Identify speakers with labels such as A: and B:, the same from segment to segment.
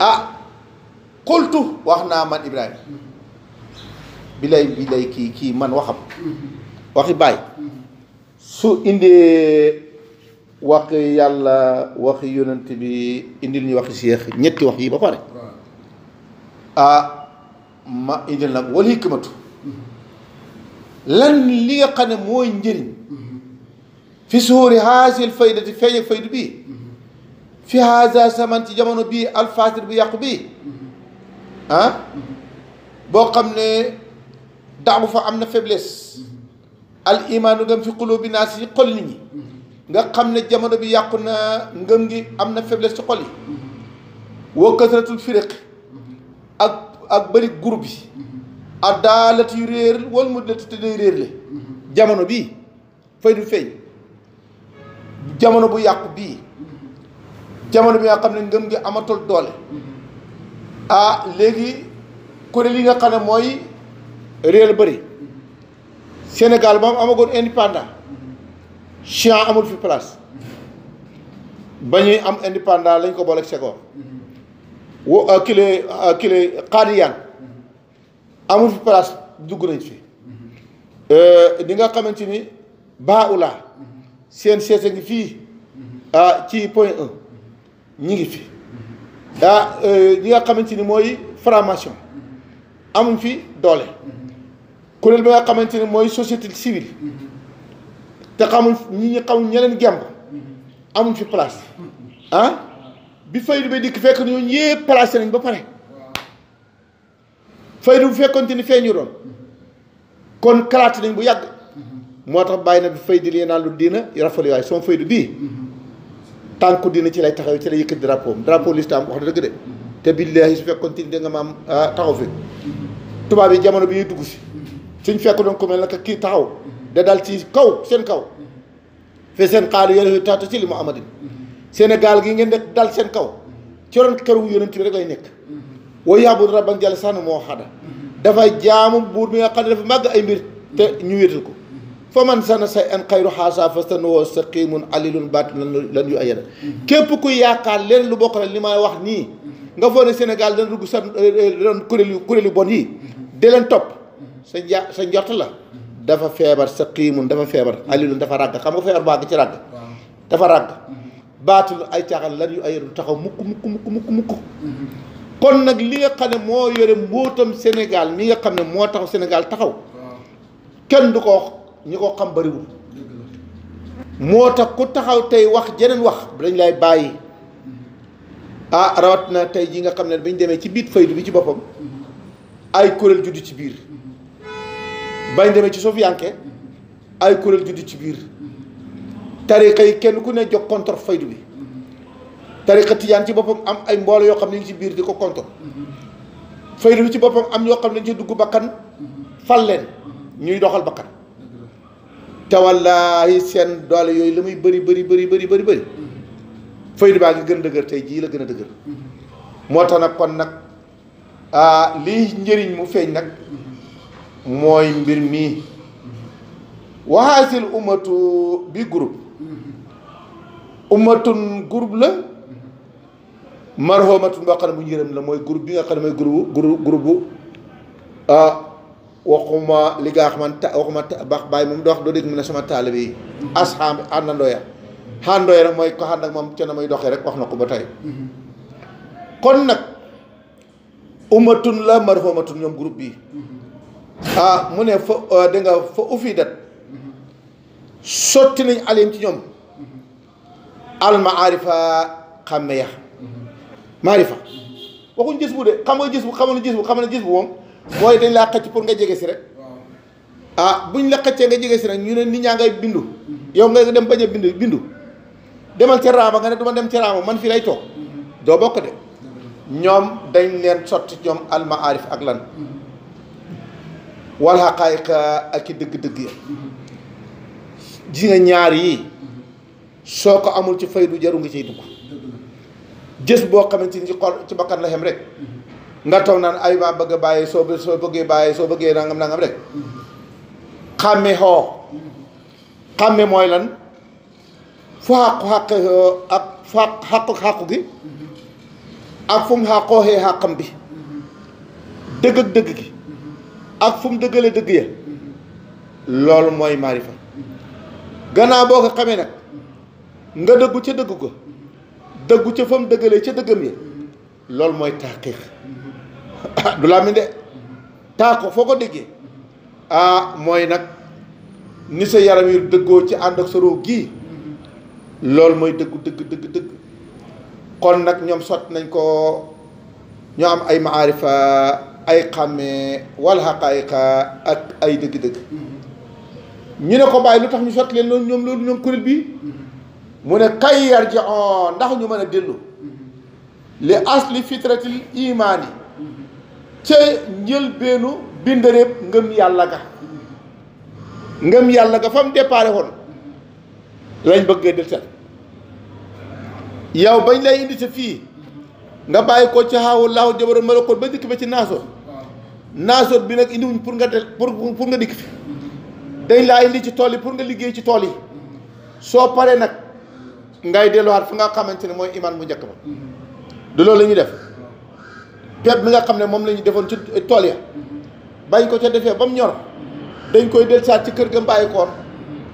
A: ah qultu wax naa man Ibrahima bi lay bi lay kii kii man waxam waxi baay su indee wax yàlla waxi yonent bi indil ñu waxi seex ñetti wax yi ba pare ah ma indil nag wal hikmatu lan li nga xam ne mooy njëriñ fi suuri haasil faydati feeñ ak faydu bii في هذا سمنت جمانو بي الفاتر بي يقبي ها بوقم ني دعو فأمنا فبلس الإيمان غم في قلوب الناس قل نيني غا قم ني جمانو بي يقنا غم غي أمنا فبلس قل وكثرة الفرق أكبر قربي أدالة يرير والمدلة تدير لي جمانو بي فايدو فاي جمانو بي يقبي jamono bi nga xam ne ngëm gi amatul doole mm-hmm. ah léegi kuréel yi nga xam ne mooy réel bëri Sénégal moom amagoon indépendant mm-hmm. Chian amul fi place mm-hmm. ba ñuy am indépendant lañ ko booleeg Senghor wo euh, kile euh, kile Qadian amul fi place dugg nañ fi li euh, nga xamante ni Baoula seen seese ngi fii ah ci point un ñi ngi fi daa ñi euh, nga xamante ni mooy formation amuñ fi doole kuréel bi nga xamante ni mooy société civile te xamuñ ñi ñu xamuñ ñeneen gemb amuñ fi place ah bi faydu bay dikk fekk ñooñu yëpp placé nañ ba pare faydu bu fekkonte ni feeñu doon kon kalaat nañ bu yàgg moo tax bàyyi na bi faydu li naan lu diina rafetlu waay son faydu bii tànku dina ci lay taxaw ci lay yëkkati drapeau am drapeau lislaam wax dëgg de te billaahi su fekkoon ti nga maam ah, taxaw fi tubaab yi jamono bi ñuy dugg si suñ fekk doon ko mel nag kii taxaw de dal ci kaw seen kaw fe seen xaalis yore taatu ci li mu amadin Sénégal gi ngeen def dal seen kaw ci ron këru yonent bi rek lay nekk wooyu yaabul rabban jàll sax na moo xada dafay jaamu buur mi nga xam ne dafa màgg ay mbir te ñu wéetal ko faman sana say an xayru xaasa fastanoo saqiimun alilun baat lan yu ayada képp ku yaakaar leen lu bokk li ma wax nii nga foog ne Sénégal dana dugg sa doon kuréel yu kuréel yu bon yi di leen topp sa ja sa njort la dafa feebar saqiimun dafa feebar alilun dafa ràgg xam nga feebar bàgg ci ràgg dafa ràgg baatul ay caaxaan lan yu ayadu taxaw mukk mukk mukk mukk mukk kon nag li nga xam ne moo yore mbootam Sénégal mi nga xam ne moo taxaw Sénégal taxaw kenn du ko ñu ko xam bariwul moo tax ku taxaw tey wax jeneen wax dañ lay bàyyi ah rawat na tey ji nga xam ne bi ñu demee ci biir faydu bi ci boppam ay kuréel juddu ci biir bañ demee ci sofiyanke ay kuréel juddu ci biir tariqa yi kenn ku ne jox contre faydu bi tariqa tijaan ci boppam am ay mboolo yoo xam ne ñu ci biir di ko contre faydu bi ci boppam am yoo xam ne ñu ci dugg bakkan fal leen ñuy doxal bakkan te wallaahi seen doole yooyu la muy bëri bëri bëri bëri bëri bëri baa ngi gën dëgër tey jii la gën a dëgër moo tax nag kon nag lii njëriñ mu feeñ nag mooy mbir mii waxaasil ummatu bi groupe ummatun groupe la marhomatun boo xam ne bu njëram la mooy groupe bi nga xam ne mooy groupe groupe bu waxuma li nga xamante waxuma bax bàyyi moom dox doo dégg mu ne sama taalibe yi asxaam àndandoo ya xàndoo nag mooy ko ànd ak moom ca doxee rek wax na ko ba tey nag umatun la marhumatun ñoom groupe bi ah mu ne fa euh, da nga fa sotti nañ alim ci ñoom alma arifa xàmme ya maarifa waxuñ gis bu de xam nga gis bu xamal gis gis bu moom booy dañ laa xëcc pour nga jege si rek ah buñ la xëccee nga jege si rek ñu ne nit ñaa ngay bindu yow nga dem bañ a bindu bindu demal ca raama nga ne duma dem ca raama man fii lay toog mm-hmm. doo bokk de ñoom dañ leen sotti ñoom almaarif ak lan mm-hmm. wal xaqaayiqa ak i dëgg-dëgg ya ji mm-hmm. ñaar yii soo ko amul ci fay du jaru nga ciy dugg jës boo xamante ni ci xol ci bakkan la xem rek nga toog naan ay maa bëgg a bàyyi soo bëggee bàyyi soo bëggee nangam nangam rek xàmme xoo xàmme mooy lan fu xàqu xàq ak fu xàqu xàqu gi bi dëgg ak dëgg gi ak fu mu dëggalee dëgg ya loolu mooy maarifa gannaaw boo ko xamee nag nga dëggu ca dëgg ko dëggu ca fa mu dëggalee ca dëggam ya loolu mooy taqiq du làmmiñ de taa ko foo ko déggee ah mooy nag ni sa yaram yi dëggoo ci ànd ak sa ruu gii loolu mooy dëggu dëgg dëgg dëgg kon nag ñoom sotti nañ ko ñoo am ay maarifa ay xàmmee wala xaqaayiqa ak ay dëgg-dëgg ñu ne ko bàyyi lu tax ñu sotti leen loolu ñoom loolu ñoom kuréel bi mu ne kay yar ji on ndax ñu mën a dellu li asli fitratil imaani ca njëlbeenu bindareeb ngëm yàlla ga ngëm yàlla ga fa mu déparé woon lañ bëggee dëtal yow bañ lay indi sa fii nga bàyyi ko ci xaawu laaw jabaroon malakoot ba dikk ba ci naasoot naasoot bi nag indiwuñ pour nga del pour pour nga dikk fi dañ laa indi ci tool yi pour nga liggéey ci tool yi soo paree nag ngay delluwaat fu nga xamante ne mooy imaan mu njëkk ba du loolu la ñuy def pepp bi nga xam ne moom la ñu defoon ci tool ya bañ ko ca defee ba mu ñor dañ koy del saat ci kër ga mbàyyi koor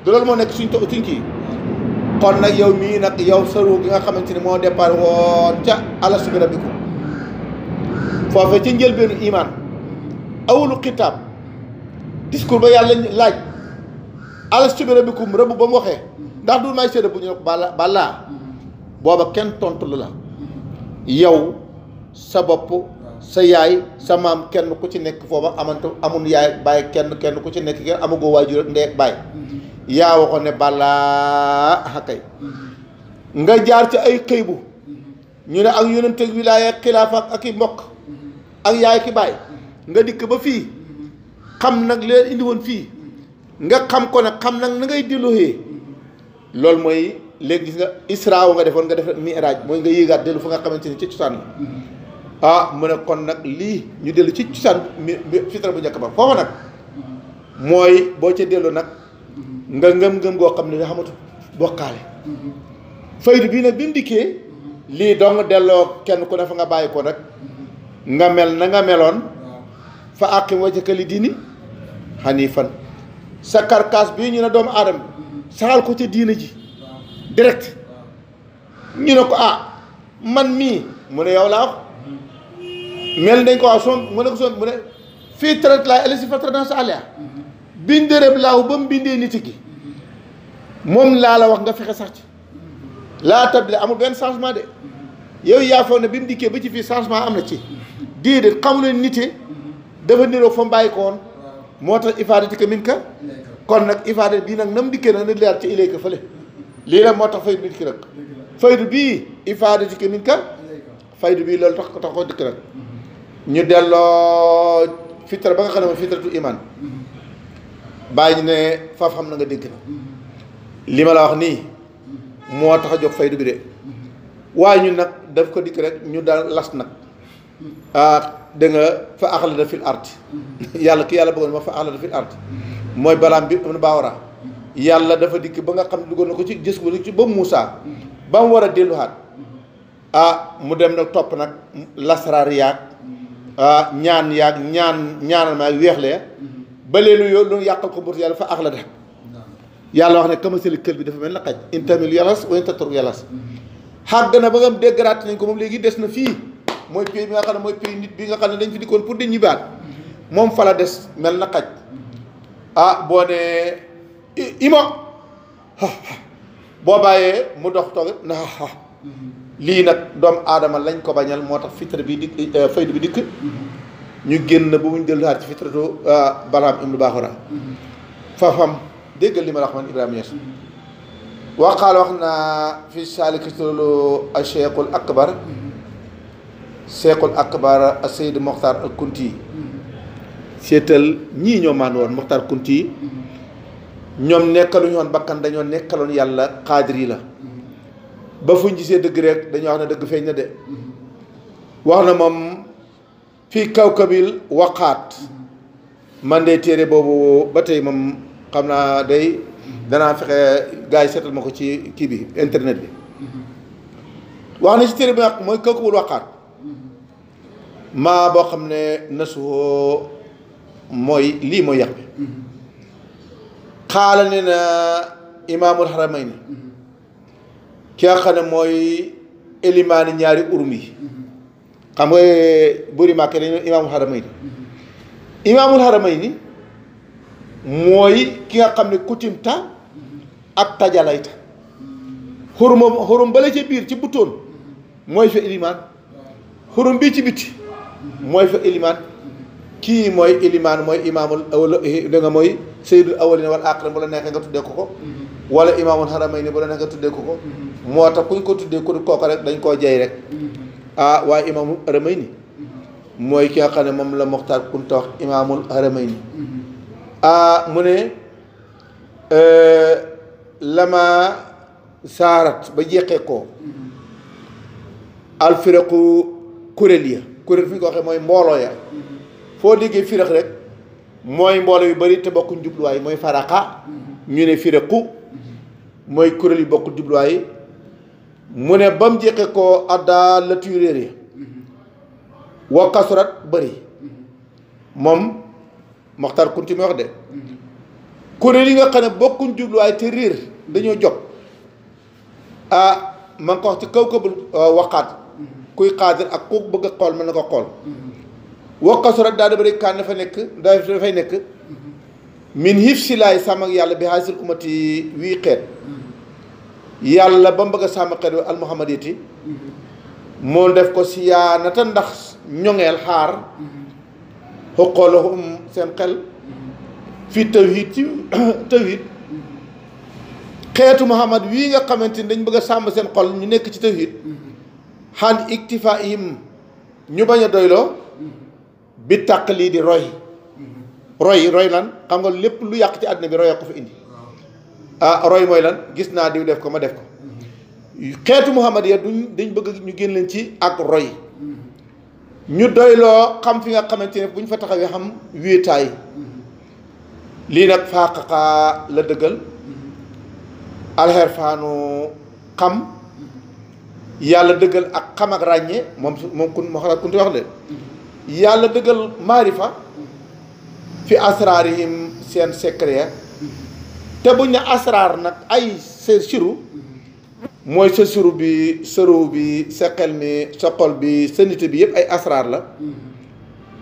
A: du loolu moo nekk suñ to suñ kii kon nag yow mii nag yow sa ruu gi nga xamante ni moo départ woon ca ala subi rabbikum foofe ci njëlbeenu imaan awlu xitaab discours ba yàlla laaj ala subi rabbikum rëbb ba mu waxee ndax du may seede bu ñu ne ko balaa booba kenn tontu la yow sa bopp sa yaay sa maam kenn ku ci nekk foofa amantu amul yaay bàyyi kenn kenn ku ci nekk kenn amagoo waajur ak ndey ak bàyyi yaa waxoon ne balaa xakay nga jaar ci ay xëy bu ñu ne ak yonent ak wilaaya ak i mbokk ak yaay ki bàyyi nga dikk ba fii xam nag leen indi woon fii nga xam ko nag xam nag na ngay delluwee loolu mooy léegi gis nga israa nga defoon nga def mi'raaj mooy nga yéegaat dellu fa nga xamante ni ci cosaan la ah mu ne kon nag lii ñu dellu ci cosaan mi fitra bu njëkk ba foofa nag mooy boo ci dellu nag nga ngëm-ngëm goo xam ne da xamatu bokkaale faydu bii nag bi mu dikkee lii dong delloo kenn ku ne fa nga bàyyi ko nag nga mel na nga meloon fa àqim wajhaka li diini hanifan sa karkaas bii ñu ne doomu aadama saxal ko ci diina ji direct ñu ne ko ah man mii mu ne yow laa mel nañ ko waaw son mu ne ko son mu ne fii la ali si fatra dans alia alea bindereeb law bam bindé bindee nit gi moom laa la wax nga fexe sax ci la tabli amul ben changement de yow ya fo ne bim diké ba ci fi changement amna ci dédé xamul ne nite dafa niro fa mu ko won motax tax ifaadati ka min ka kon nag ifaadati bii nag na mu dikkee nag leer ci ilay ka fële li la motax fay faydu ki rek nag faydu bii ifaadati ka min ka faydu bii loolu tax tax ko dik rek ñu delloo fitra ba nga xamne fitratul iman bàyyi ne fa fam na nga dénk na lima la wax ni mo tax jox faydu bi de way ñu nak daf ko dik rek ñu dal las nak ah de nga fa axalada fil art yalla ki yalla bëggon ma fa axalada fil art moy balam bi ibn na yalla dafa dik ba nga xam ne ah, gono na ko ci jess ko ci ba musa ba mu war a hat ah mu dem nak top nak lasrar yaag Ah, ñaan yaag ñaan ñaanal maag weexlee
B: mm-hmm.
A: ba leelu yoo loolu yàqal ko mbootu yàlla fa ak la def yàlla wax ne kamasali kël bi dafa mel na xaj mm-hmm. intamil yalas wa intatur yalas
B: mm-hmm.
A: xàgg na ba nga déggaraat nañ ko moom léegi des na fii mooy pays bi nga xam ne mooy pays nit bi nga xam ne dañ fi dikkoon pour di ñibbaat moom fala des mel na xaj ah boo ne ima boo bàyyee mu dox toog na lii nag doomu aadama lañ ko bañal moo tax fitre bi dikk euh, faydu bi dikk
B: mm-hmm.
A: ñu génn bu muñ delluwaat ci fitratu euh, balaam lu baaxura mm-hmm. fafam déggal li ma la wax man ibrahima yes mm-hmm. waqaal wax naa fi salikatulu cheikhul akbar cheikhul akbar seyd moxtar kunti seetal ñii ñoo woon moxtar kunti ñoom nekkaluñu woon bakkan dañoo nekkaloon yàlla xaadir yi la ba fuñ gisee dëgg rek dañu wax ne dëgg feeñ na de wax na moom fii kawkabil waqaat man de téere boobu ba tey moom xam naa day danaa fexe gars yi seetal ma ko ci kii bi internet bi wax na ci téere bi nag kaw kawkabul waqaat maa boo xam ne nasuhoo mooy lii mooy yàq bi xaala ne na imaamul xaramayni ki nga xam ne mooy élimaani ñaari urum yi xam nga bëri màkke dañu imaamul xaramay ni imaamul xaramay ni mooy ki nga xam ne kutimta ak tajalayta xurum xurum bale ci biir ci buttoon mooy fa élimaan xurum bii ci bitti mooy fa élimaan kii mooy ilimaan mooy imaamul awla da nga mooy sayyidul awwalina wal aaxirin bu la neexee nga tuddee ko ko mm-hmm. wala imaamul haramayni bu la neexee nga tuddee ko ko mm-hmm. moo tax kuñ ko tuddee ku kooka rek dañ koo jey rek mm-hmm. ah waaye imaamul haramayni ki nga xam ne moom la Moxtaar Kunta wax imaamul haramayni ah, mu ne euh, lama saarat ba jeexee ko alfiraqu kuréel ya kuréel fi ñu ko waxee mooy mbooloo ya foo déggee firax rek mooy mboole yu bari te bokkuñ jubluwaay mooy faraqa ñu ne firaqu mooy kuréel yu bokkul jubluwaay mu ne ba mu jeqe ko addaa la turéer yi wa kasurat bëri moom Moxtaar Kunti mi wax de kuréel yi nga xam ne bokkuñ jubluwaay te réer dañoo jot ah man ko wax ci kaw këbul euh, waxaat kuy xaadir ak ku bëgg xool mën na ko xool wa kasorat daa da bëri kaan dafa nekk da fay nekk min hif si laay sàmm ak yàlla bi xaalisil umati wii xeet yàlla ba mu bëgg a sàmm xeet wi almuhammad yiti moo def ko si yaanata ndax ñoŋeel xaar xoqoolahum seen xel fii tawhid ci tawhid xeetu muhammad wii nga xamante ni dañ bëgg a sàmm seen xol ñu nekk ci tawhid xan iktifaihim ñu bañ a doyloo bi tàq lii di roy roy roy lan xam nga lépp lu yàq ci àddina bi roy ko fa indi ah roy mooy lan gis naa diw def ko ma def ko xeetu muhammad ya duñ dañ bëgg ñu génn leen ci ak roy ñu doyloo xam fi nga xamante ne bu ñu fa taxawee xam wéetaay lii nag faaqaqaa la dëggal alxer faanu xam yàlla dëggal ak xam ak ràññee moom moom kun ma xalaat kunti yàlla dëggal maarifa fi asraarihim seen secret te buñ ne asraar nag ay seen siru mooy sa siru bi sëru bi sa xel mi sa xol bi sa bi yëpp ay asraar la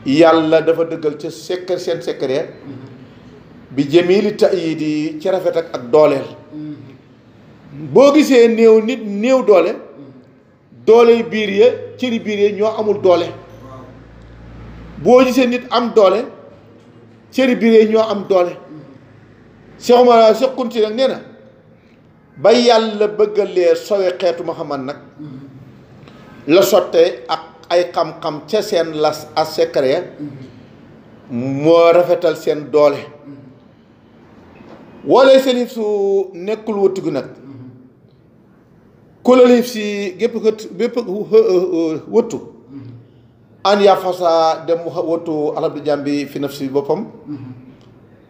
A: yàlla dafa dëggal ca secret seen secret bi jëmili tayit yi ci rafet ak ak dooleel boo gisee néew nit néew doole doole biir ya cëri biir ya ñoo amul doole boo gisee nit am doole cër biir ñoo am doole Cheikh Omar Cheikh nag nee na ba yàlla bëggalee sowe xeetu Muhammad nag la sottee ak ay xam-xam ca seen las a secret moo rafetal seen doole wala selif su nekkul wëttigu nag ku la liif si gépp wëttu an fasa dem wotu alal di jambi fi nafsi bopam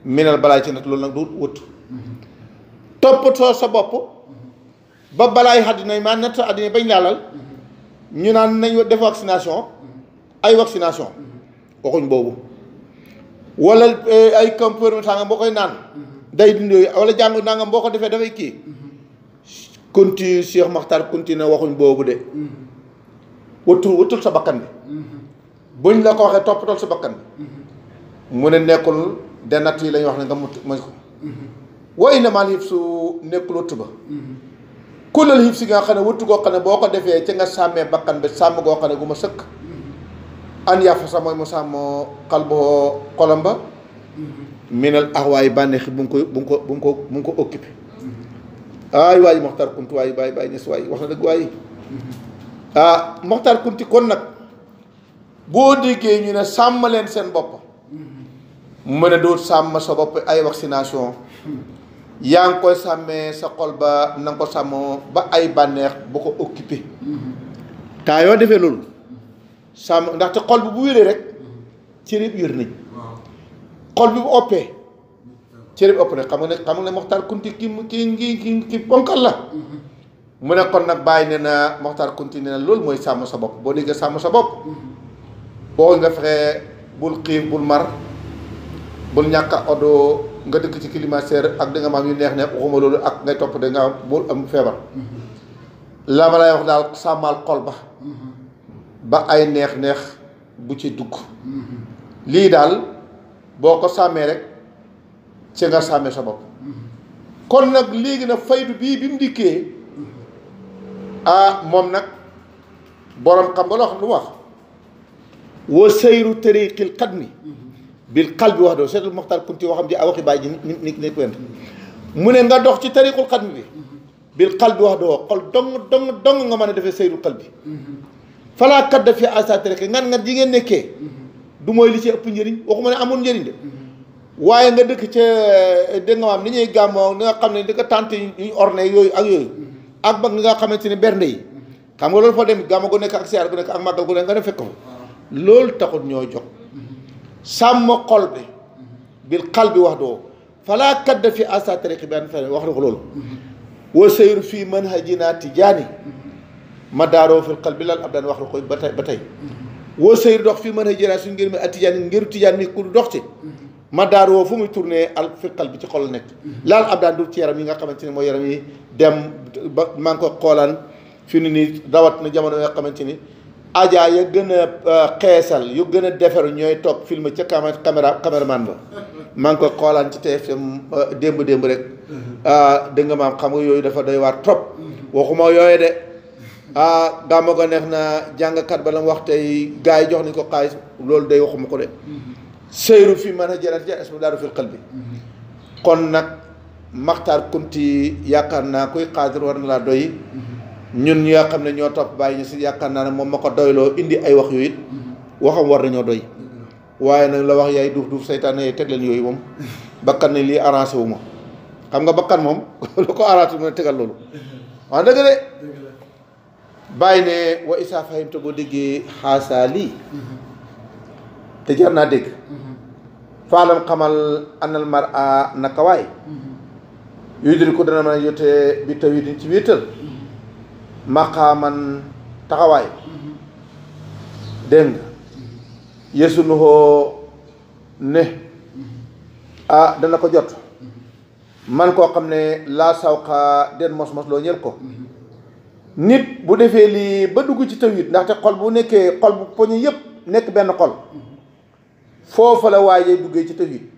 A: minal balay ci nag loolu nag du wattu toppatoo sa bop ba balay hadina ma nat adina àddina bañ ñu nan nañ def vaccination ay vaccination waxuñ bobu wala eh, ay comprimés nga boo koy naan day dund wala jang nangam nga ko defé dafay ki continue Cheikh Makhtar continue waxuñ bobu de wattul wattul sa bakkan buñ la ko waxee toppatal sa bakkan mu ne nekul denat yi lañ wax ne nga mut moy ko wa inna ma su nekul wëttu kulal hifsi si nga xam wut go goo boko defé ci nga samé bakkan be sam go xam ne sekk an ya fa samoy mo sàmm qalbo kolamba min al minal banex bànneexi bu ko bu ko bu ko bu ko occupé ay waay moxtar kunti way bay bay ni sway wax na ah moxtar kunti kon nak boo déggee ñu ne sàmm leen seen bopp mu ne doo sàmm sa bopp ay vaccination yaa ngi koy sàmmee sa xol ba na nga ko sàmm ba ay bànneex bu ko occupé taa yoo defee loolu sàmm ndaxte xol bi bu wéree rek cër yëpp wér nañ xol bi bu oppee cër yëpp opp na xam nga ne xam nga ne Moxtaar Kunti ki ki ki ki ponkal la mu ne kon nag bàyyi ne na Moxtaar Kunti ne na loolu mooy sàmm sa bopp boo déggee sàmm sa bopp boo nga fexe bul xiif bul mar bul ñàkk a odo nga dëkk ci climatiseur ak di nga maam yu neex ne waxuma loolu ak ngay topp da nga bul am feebar mm-hmm. la ma lay wax daal sàmmal xol ba mm-hmm. ay neex-neex bu ci dugg mm-hmm. lii daal boo ko sàmmee rek ci nga sàmmee sa bopp kon nag léegi nag faydu bii bi mu dikkee ah moom nag boroom xam nga loo xam lu wax wa sayru kat mi bil kal bi wax doo seetal Moxtaar Kunti waxam ji a waxi bàyyi ji nit nit nit went mu ne nga dox ci tariqul xadmi bi biir xal bi wax doo xol dong dong dong nga mën a defee sayru xal bi falaa kat daf fi asa tariqi ngan ngan ngeen nekkee du mooy li ci ëpp njëriñ waxuma ne amul njëriñ de waaye nga dëkk ca dégg nga maam ni ñuy gàmmoo nga xam ne di ko tànt ñu orne yooyu ak yooyu ak ba nga xamante ne bernde yi xam nga loolu fa dem gàmmo nekk ak siyaar gu nekk ak màggal gu nekk nga dem fekk loolu taxut ñoo jox sàmm xol bi bil xal bi wax doo falaa kadda fi asa tariqi bi an fene wax na ko loolu wa sayru fii manhajina tijaani ma daaroo fil xal bi lan ab daan wax na ko ba tey ba tey wa sayru dox fii manhajina su ngir mi a tijaani ngir tijaan mi ku dox ci ma daaroo fu muy tourné al fil xal bi ci xol la nekk laal ab daan du ci yaram yi nga xamante ne mooy yaram yi dem ba maa ko xoolaan fi ni nii rawat na jamono yoo xamante ni ajaa ya gën a euh, xeesal yu gën a defaru ñooy toog film ca caméra caméraman ba maa ngi ko xoolaan ci TFM euh, démb démb rek mhm. ah, dégg nga xam nga yooyu dafa doy waar trop mhm. waxuma yooyu de ah gàmmu ko neex na jàngkat ba la mu wax tey gars yi jox nañ ko xaalis loolu day waxuma ko de mhm. sëyru fi mën a jëlaat ja asma daaru fil qalbi kon nag maxtaar kunti yaakaar naa kuy xaadir war na laa doy ñun ñi xam ne ñoo topp bàyyi ñu si yaakaar naa ne moom ma ko doyloo indi ay wax yu it waxam war na ñoo doy waaye nag la wax yaay duuf duuf seytaane yaay teg leen yooyu moom bakkan ne lii arrangé wu ma xam nga bakkan moom lu ko arrangé mu ne tegal loolu waaw dëgg de bàyyi ne wa isaa fahimta boo déggee xaasaa lii te jar naa dégg faalam xamal anal mar a nakawaay mm-hmm. yuy diri ko dana mën a yote bi tawi ci wéetal maqaaman taxawaay dégg nga yesunuhoo ne ah dana ko jot man koo xam ne laa sawqa den mos mos loo ñel ko nit bu defee lii ba dugg ci tawit ndaxte xol bu nekkee xol bu poñe yépp nekk benn xol foofa la waaye duggee ci tawit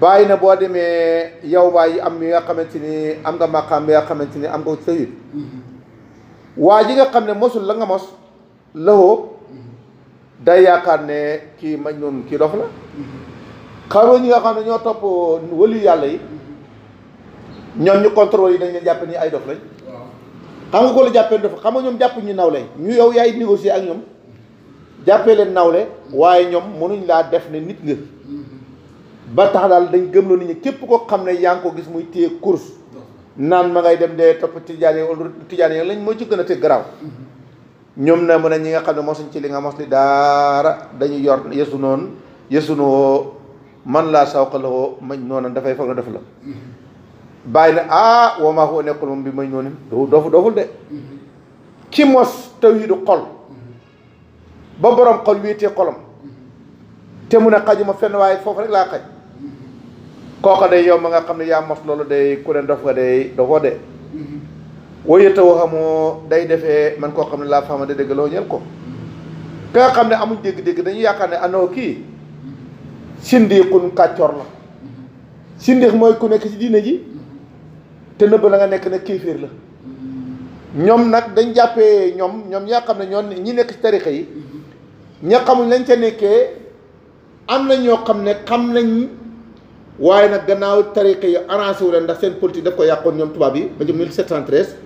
A: bàyyi na boo demee yow waayi am mi nga xamante ni am nga maqaam bi nga xamante ni am nga sëyit waa ji nga xam ne mosul la nga mos lawoo day yaakaar ne kii mañ noonu kii dof la xaroo ñi nga xam ne ñoo topp wëlu yàlla yi ñoom ñu yi dañ leen jàppe ni ay dof lañ xam la xam nga ñoom jàpp ñu nawle ñu yow yaay négocier ak ñoom jàppee leen nawle waaye ñoom mënuñ laa def ne nit nga ba tax daal dañ gëmloo nit ñi képp koo xam ne yaa ngi ko gis muy téye course naan ma ngay dem dee topp tijaan yi tijaan yi lañ moo ci gën te garaaw ñoom na mun ne ñi nga xam ne mosuñ ci li nga mos li daara dañu yor yesu noonu yesu noo man laa sawqaloo mañ noonu dafay foog def
B: la
A: na ah woo maa ko nekkul bi mañ noonu doo doofu dooful de ki mos taw yi du xol ba borom xol wéetee xolam te mu ne xajuma fenn waaye foofu rek laa xaj kooka day yow ma nga xam ne yaa mos loolu day ku ne dof nga day dofoo de wóyata woo xamoo day defee man koo xam ne laa fama dégg déggaloo ñel ko ka nga xam ne amuñ dégg-dégg dañu yaakaar ne anoo kii sindiixun kàccoor la sindiix mooy ku nekk ci diine ji te nëbb la nga nekk nag kéeféer la ñoom nag dañ jàppee ñoom ñoom yaa xam ne ñoon ñi nekk ci tarixa yi ña xamul lañ ca nekkee am na ñoo xam ne xam nañ waaye nag gannaaw tariqa yi arrangé wu leen ndax seen politique daf ko yàqoon ñoom tubaab yi ba jëm 1713.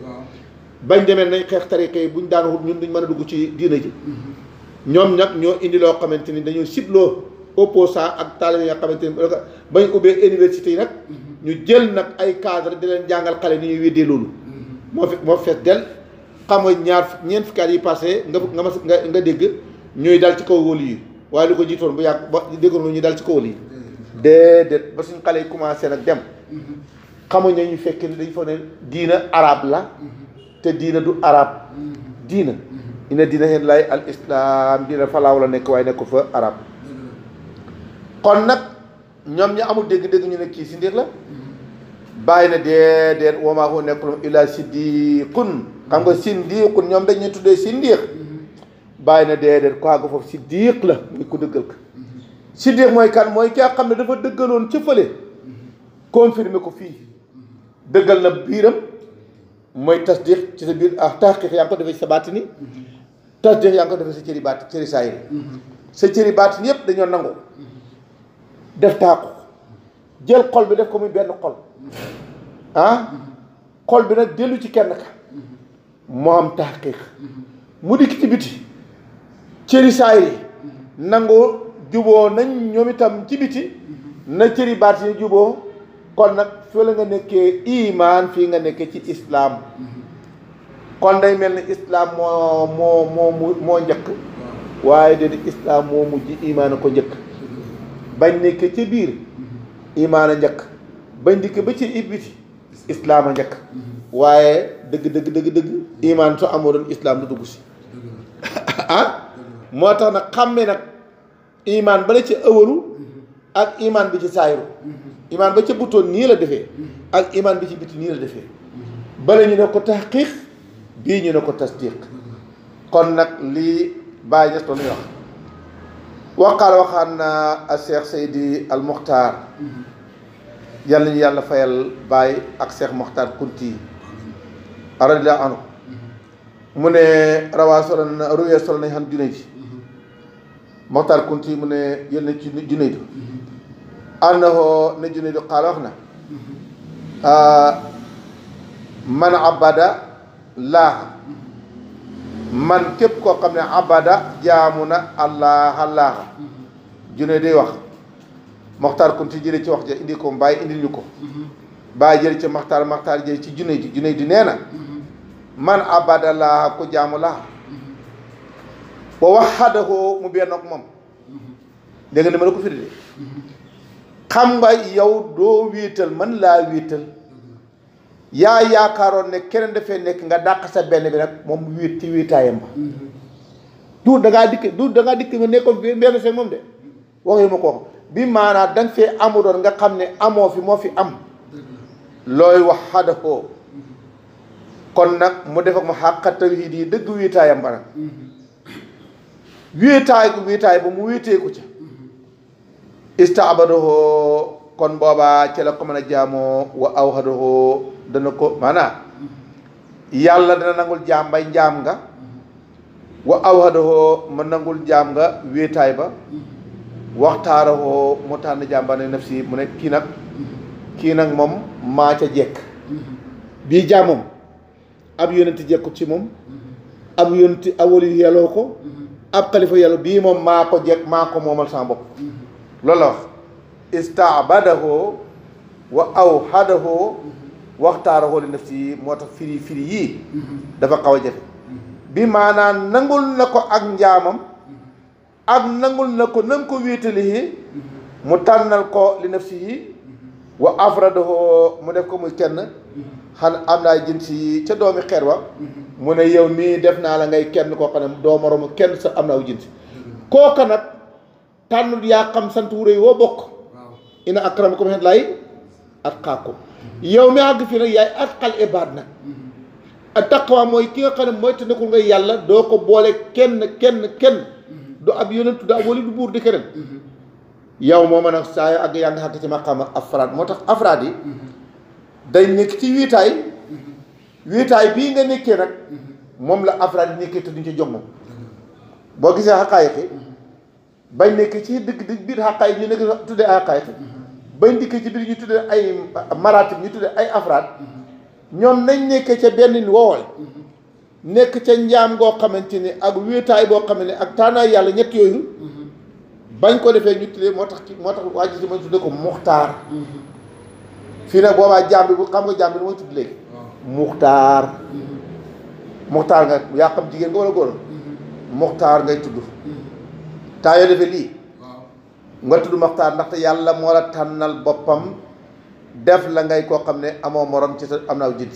A: bañ demee nañ xeex tariqa yi buñ daan wut ñun duñ mën a dugg ci diina ji. Mm-hmm. ñoom nag ñoo indi loo xamante ni dañoo cibloo opposant ak taalibe yi nga xamante ni bañ ubbee université yi nag. Mm-hmm. ñu jël nag ay cadre di leen jàngal xale ni ñuy weddee loolu. Mm-hmm. moo fi moo fees del xam ñaar ñeent fukki at yi passé nga nga mas nga dégg ñuy dal ci kaw wóolu yi waaye lu ko jiitoon bu yàgg ba déggoon ñu dal ci kaw yi. déedéet ba suñ xale yi commencé nag dem xamuñ ne ñu fekk ni dañ foog ne diina arab la te diina du arab diina ina diina xeen lay al islam diina falaaw la nekk waaye nekku fa arab kon nag ñoom ñu amul dégg-dégg ñu ne kii si ndiir la bàyyi na déedéet wama hu nekkul illa siddiqun xam nga sindiqun ñoom dañuy tuddee sindiq bàyyi na déedéet ko àgg foofu siddiq la muy ku dëggal ka siddiq mooy kan mooy ki nga xam ne dafa dëggaloon ca fële ko fii dëggal na biiram mooy tasdiq ci sa biir ah taxqiq yaa ngi ko defee ci sa baatini tasdiq yaa nga ko defee sa cëri baat cëri saayir sa cëri baatini yépp dañoo nangu def taaku jël xol bi def ko muy benn xol ah xol bi nag dellu ci kenn ka moo am taxqiq mu dikk ci biti cëri saayir nangu juboo nañ ñoom itam ci biti mhm. na cëri baat juboo kon nag la nga nekkee imaan fii nga nekkee ci islaam mhm. kon day mel ni islaam moo moo moo moo njëkk waaye déedéet islaam moo mujj imaan a ko njëkk mhm. bañ nekkee ca biir imaan a njëkk bañ dikk ba ci ibiti islaam a njëkk waaye dëgg dëgg dëgg dëgg imaan su amoo islaam du dugg si ah moo tax nag xàmme nag imaan bala ci ëwalu ak imaan bi ci saayiru imaan ba ca butoon nii la defee ak imaan bi ci biti nii la defee bala ñu ne ko taxqiq bii ñu ne ko tasdiq kon nag lii bàyyi ñes doon wax waqaal waxaan naa a Seydi al Muxtaar yàlla ñu yàlla fayal bàyyi ak Cheikh Muxtaar Kunti radiyallaahu anhu mu ne rawaa solo na ruwee solo nañ xam dina ji Moxtaar Kunti mu ne yónnee ci Junayd annahu ne Junayd qaala wax na mm-hmm. ah, man abada laaha man képp koo xam ne abada jaamu na allaaha laaha mm-hmm. Junayd day wax Moxtaar Kunti jële ci wax ja indi ko mbaay indil ñu ko mm-hmm. baay jële ci Moxtaar Moxtaar jële ci Junayd Junayd nee na man abada laaha ku jaamu laaha ba waxadahoo mu bennook moom dégg nga dama ko yow doo wiital man laa wiital yaa yaakaaroon ne keneen dafay nekk nga dàq sa benn bi moom wiit ci wiitaayam ba dikk du danga dikk ma nekkoon benn fee moom de waxee ma ko wax bi maanaam danga fee amudoon nga xam ne amoo fi moo fi am looy wax xadafoo kon nag mu def ak mu xàqa tawhiid yi dëgg wiitaayam ba nag wéetaay gu wéetaay ba mu wéeteeku ca istaabadahoo kon boobaa ci la ko mën a jaamoo wa awhadahoo dana ko maanaam yàlla dana nangul jaam bay njaam nga wa awhadahoo ma nangul njaam nga wéetaay ba waxtaarahoo mu tànn jaam ba ne nafsi mu ne kii nag kii nag moom maa ca jekk bii jaamam ab yonenti jekku ci moom ab yonenti awali yeloo ko ab xalifa yàlla bii moom maa ko jekk maa ko moomal sama bopp loolu la wax istaabadahoo waxtaarahoo li nafsi moo tax firi firi yii dafa xaw a jafe bi maanaam nangul na ko ak njaamam ak nangul na ko nanga ko wéetali mu tànnal ko li nafsi yi wa afradahoo mu def ko muy kenn xan am naa jinsi yi ca doomi xeer wa
B: mm-hmm.
A: mu ne yow mii def naa la ngay kenn koo xam ne doo moromu kenn sa am naaw jinsi mm-hmm. kooka nag tànnut yaa xam sant wu rëy woo bokk ina akramakum xet lay atqaakum mm-hmm. mi àgg fii nag yaay atqal ibaad nag a mooy ki nga xam ne mooy te nekkul ngay yàlla doo ko boole kenn kenn kenn du ab yonentu du ab wali du buur di keneen yow moo mën a saa yoo àgg yaa ngi xàgg ci maqaama afraad moo tax afraad yi day nekk ci wiitaay wiitaay bii nga nekkee nag mhm. moom la afraad yi nekkee te duñ ci jom boo gisee xaqaayiqi mhm. bañ nekk ci dëgg dëgg biir xaqaayiq ñu nekk tuddee xaqaayiqi mhm. bañ dikkee ci biir ñu tuddee ay maratib ñu tuddee ay afraad ñoom nañ nekkee ca benn woowal nekk ca njaam goo xamante ni ak wiitaay boo xam ne ak taanaay yàlla ñett yooyu bañ koo defee ñu tuddee moo tax moo tax waa ji si ma tuddee ko muxtaar fii nag boobaa jaam bi bu xam nga jaam bi nu mooy tudd léegi muxtaar mm-hmm. muxtaar nga yaa xam jigéen nga wala góor mm-hmm. muxtaar ngay tudd mm-hmm. taa yoo lii nga tudd muxtaar ndaxte yàlla moo la tànnal boppam def la ngay koo xam ne amoo morom ci sa am na aw jidd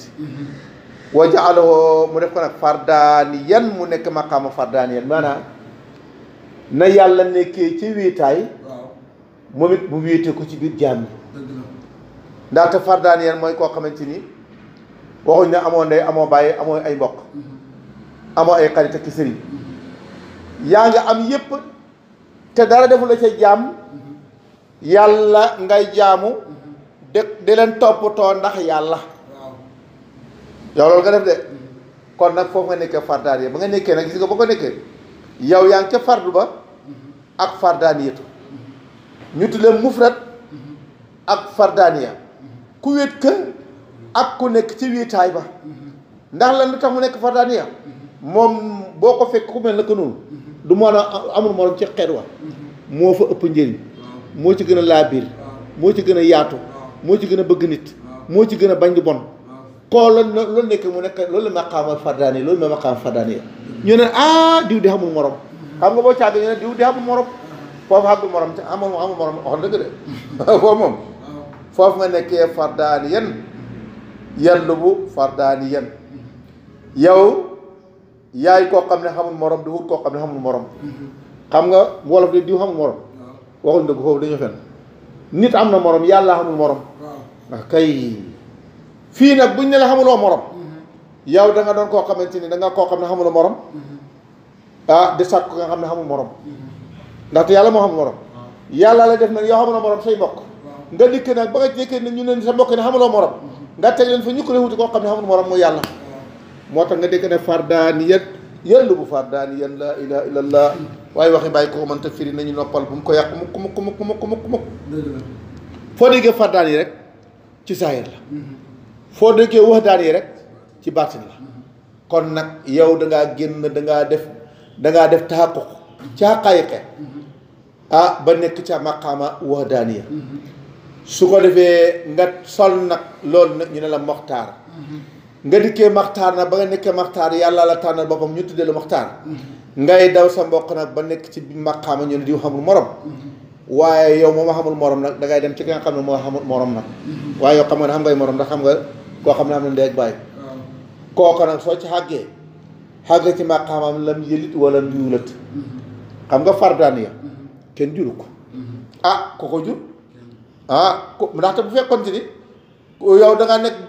A: wa jaaloo mu def ko nag fardaaniyan mu nekk maqaama fardaaniyan maanaam na yàlla nekkee ci wiitaay moom it mu wiite ko ci biir jaam bi ndaxte fardaaniyen mooy koo xamante ni waxuñ ne amoo ndey amoo bàyyi amoo ay mbokk amoo ay xarit ak sëriñ yaa ngi am yépp te dara defu la ca jaam yàlla ngay jaamu de di leen toppatoo ndax yàlla yow loolu nga def de kon nag foofu nga nekkee fardaan yi ba nga nekkee nag si nga ba ko nekkee yow yaa ngi ca fardu ba ak fardaan yétu ñu tuddee mufrat ak fardaaniya ku wéet ka ak ku nekk ci wéetaay ba ndax lan lu tax mu nekk fardaniya moom boo ko fekk ku mel na naka noonu du mën a amul morom ci xeet wa moo fa ëpp njëriñ moo ci gën a laabiir moo ci gën a yaatu moo ci gën a bëgg nit moo ci gën a bañ di bon koo loolu loolu nekk mu nekk loolu la maqaama fardaani loolu la maqaama fardaani ñu ne ah diw di amul morom xam nga boo caaga ñu ne diw di amul morom foofu amul morom amul amul morom wax dëgg de foofu moom foofu nga nekkee fardaani yan yallubu fardaani yan yow yaay koo xam ne xamul morom di wut xam ne xamul morom xam nga wolof di diw xamul morom waxuñ dëgg foofu dañu fen nit am na moroom yàlla xamul morom ah, kay fii nag buñ ne la xamuloo morom mm-hmm. yow da koo xamante ni da nga ne xamuloo morom mm-hmm. ah di sàkk nga xam ne xamul morom mm-hmm. yàlla moo xamul morom yàlla la def nag yoo xamuloo morom say mbokk nga dikke nak ba nga jekke ne ñu leen sa mbokk ne xamuloo morom nga tek leen fa ñu ko leen wuti koo xam xamul morom mo yalla motax nga dégg ne yet yallu bu yan la ilaha illa allah waaye waxi bay ko man tafiri nañu noppal bu mu ko yàq mukk mukk mukk mukk mukk mukk fo dege fardan yi rek ci sahir la mhm. fo dege wahdan yi rek ci batin la mhm. kon nak yow da nga genn da nga def da nga def taxaquq ci xaqaayiqe mhm. ah ba nek ci maqama wahdaniya su ko defee nga sol nag loolu nag ñu ne la moxtaar mm-hmm. nga dikkee maxtaar nag ba nga nekkee maxtaar yàlla la tànnal boppam ñu tuddee la maxtaar mm-hmm. ngay daw sa mbokk nag ba nekk ci maqaama ñu ne diw xamul morom mm-hmm. waaye yow moom xamul morom nag dangay dem ci ki nga xam ne moo xamul morom nag waaye yow xam nga ne xam ngay morom ndax xam nga koo xam ne am na ndey ak baay
B: oh.
A: kooka nag soo ci xàggee xàgg ci maqaamam lam yëlit wala lam yuulat xam nga fardaan ya kenn juru ko ah, ah ndaxte bu fekkoon ni yow da ngaa nekk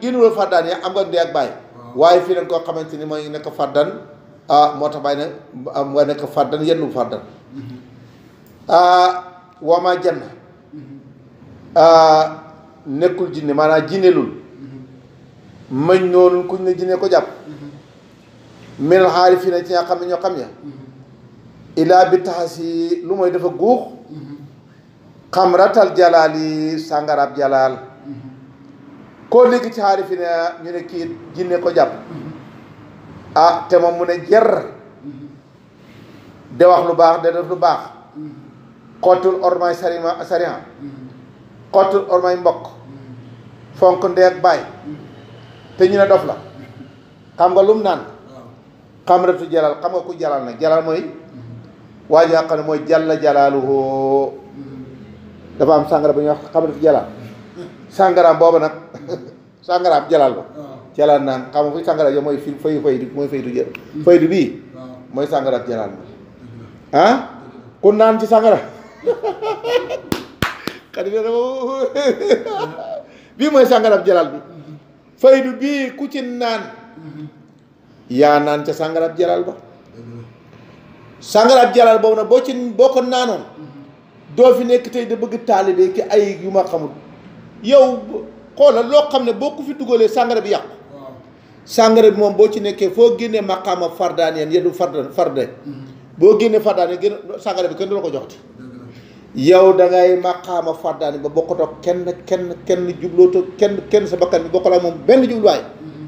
A: fii dañ koo xamante ni mooy nekk fàddaan ah moo tax bàyyi ne am nga yenn fàddaan mm-hmm. ah wamaa janna mm-hmm. ah nekkul jinne maanaam mm-hmm. ko jàpp
B: na
A: ci nga xam ne ñoo xam ya ilaa bi taxasi lu mooy dafa guux xamratal jalali sangarab jalal
B: mm-hmm.
A: ko dégg ci xaarifine ñu ne ki jinne ko japp
B: mm-hmm.
A: ah te moom mu ne jer
B: mm-hmm.
A: de wax lu bax de def lu bax xottul ormay sarima sarihan xottul ormay mbok fonk ak bay te ñu ne dof la xam nga lum nan khamratu jalal xam nga ku jalal jalal moy moy jalla jalaluhu dafa am sàngara bu ñuy wax xamru fi jalaan sàngaraam bobu nak sàngaraam jalaal ba oh. jalaan naan xam fu fi yo moy fi fay faydu mooy faydu jë faydu bii oh. mooy sàngara ak jalaan ba ah ku naan ci sàngara xadi bi bii mooy sàngara ak jalaal bi faydu bii ku ci naan ya naan ci sàngara ak jalaal ba sàngara ak jalaal boobu nag ci bokon ko doo fi nekk tey da bëgg taalibe ki ay yu ma xamul yow xoolal loo xam ne boo ko fi dugalee sàngara bi yàqu sàngara bi moom boo ci nekkee foo génnee maqaama fardaan yeen yeddu fardan mm-hmm. boo génnee fardaan yeen génn bi kenn la ko joxti yow da ngay maqaama fardaani ba bokkatoo kenn kenn kenn jublootoo kenn kenn sa bakkan bi bokkul laa moom benn jubluwaay mm-hmm.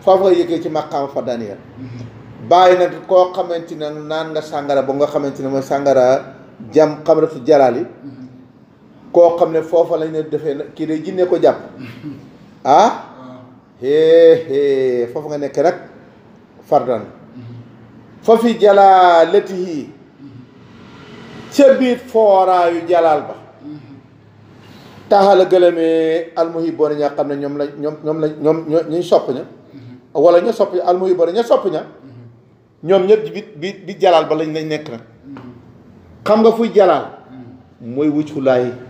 A: foofu nga yëgee ci maqaama fardaani yeen
B: mm-hmm.
A: bàyyi nag koo xamante ne naan nga sàngara ba nga xamante ne mooy sàngara jam xamratu jalaali koo xam ne foofa lañ ne defee kii day jinne ko jàpp ah, ah. foofu nga nekk rek fardan fa fi jalaalatihi ca biir fooraayu jalaal ba taxal a gëlëmee almuhiboona ña xam ne ñoom la ñoom ñoom la ñoom ñu sopp ña wala ña sopp ña almuhiboona ña sopp ña ñoom ñëpp bi bi bi jalaal ba lañ lañ nekk nag xam nga fuy jalaal mooy wuccu laay